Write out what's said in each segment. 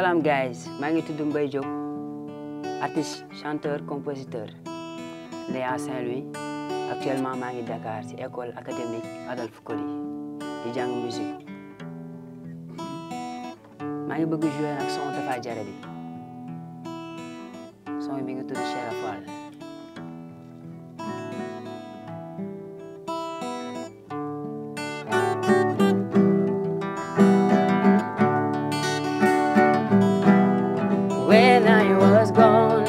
Salam guys maa ngi artis, Mbaye Diop artiste chanteur compositeur né à Saint-Louis actuellement Dakar ci école académique Adolphe Coly di Jang musique maa ngi bëgg jouer nag son Tafa Jara bi son ngi Cheikh when I was gone.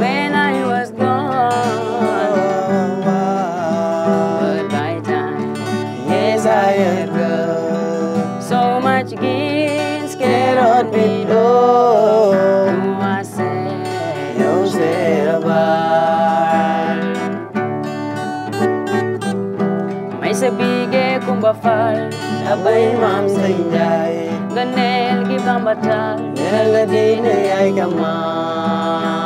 When I was gone. But by time, yes, I had grown. So much gains cannot be known. To myself, I say about. May be bafal abay mam say jaay ganel gi bambatal yalla dine ay kamal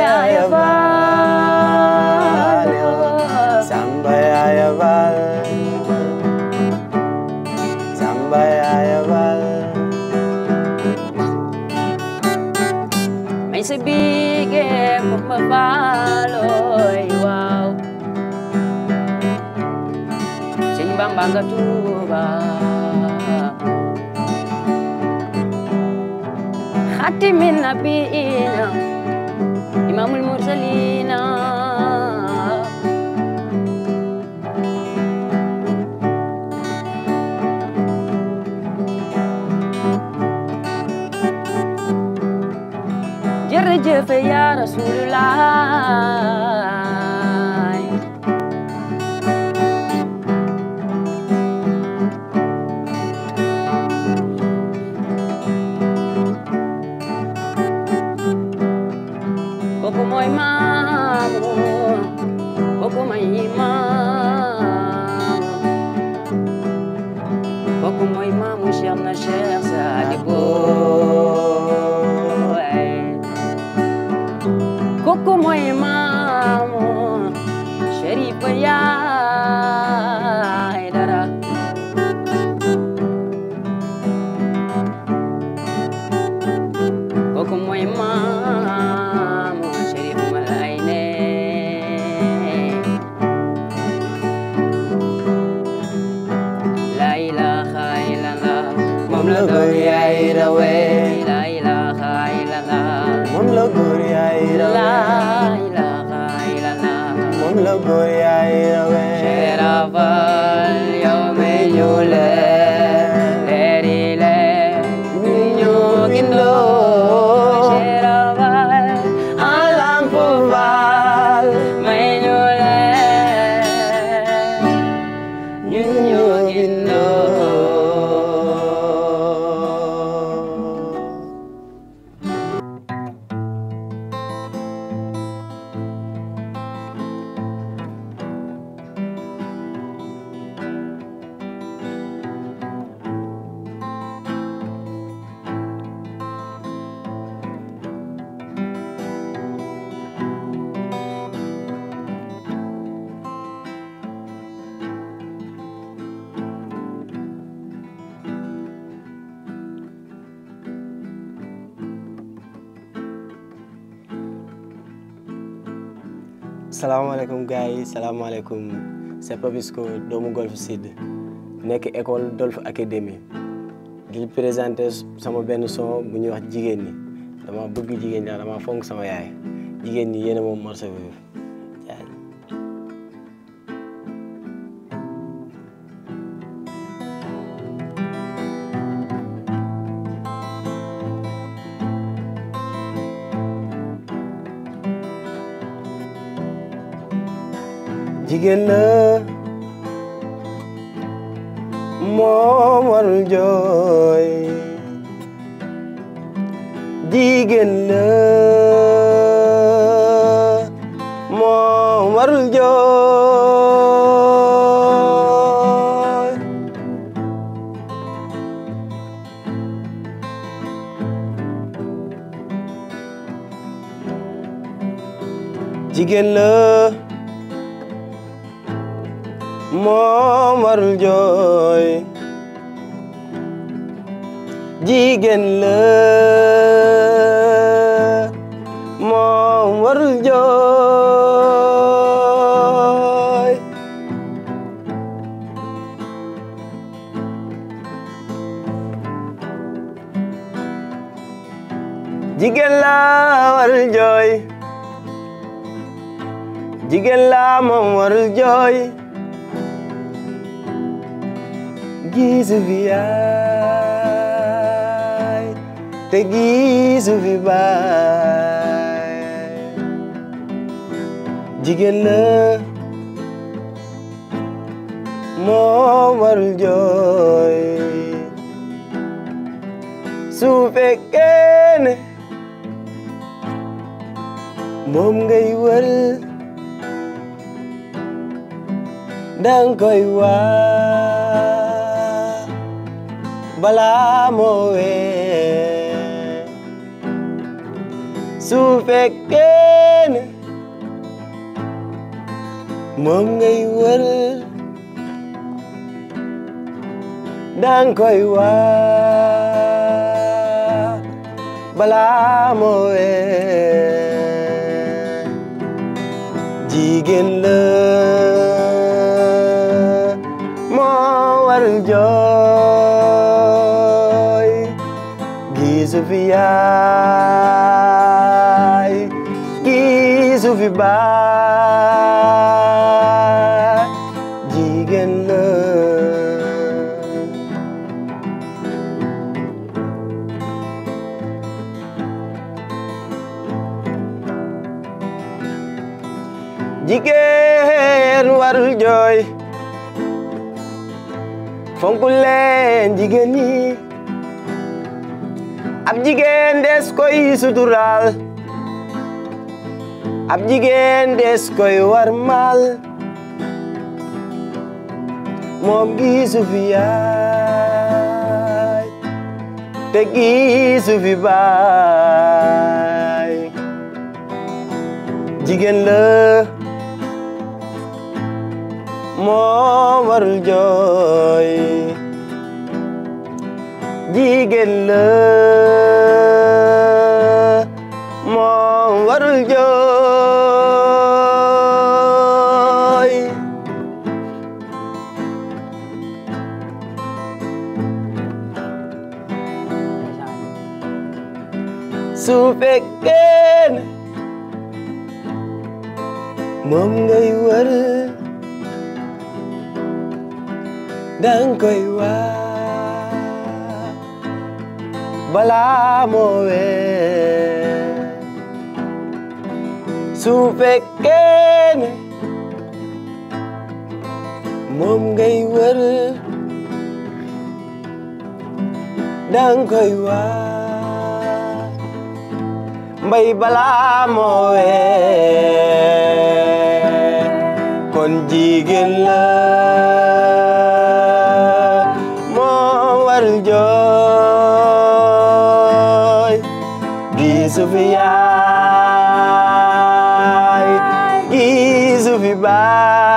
reliable May sibigin mo mabaloy wow bang bangga tuba Hati min nabiin rasulullah Gloria. salaamaaleykum gars yi salaamaaleykum c'est Papisco doomu Golf Sud nekk école Dolf Academy di présenté sama benn son bu ñuy wax jigéen ñi dama bëgg jigéen ñi dama fonk sama yaay jigéen ñi yéen a moom morceau bi jigéena moo warul jooy jigéen la moo warul jooy jigéen la momar joy jigen le momar joy jigen la war joy jigen la momar joy Tegizu viai Tegizu vibai Jigela Mo warjoy Sufekene Mom ngay wal Đang coi hoài bala moe sufeken mongai wel đang coi wa bala moe jigen love Gizuviyai Gizuvibai Jigena Jigen warul joy Fongkulen jigeni ab jigéen des koy suturaal ab jigéen des koy warmaal moom gisu fi yaay te gisu fi warul jigenna mo warjoy supeken mom ngay war đang quay qua bala moe sufekene mom ngay wër dang koy wa mbay bala moe con jigéen la bye.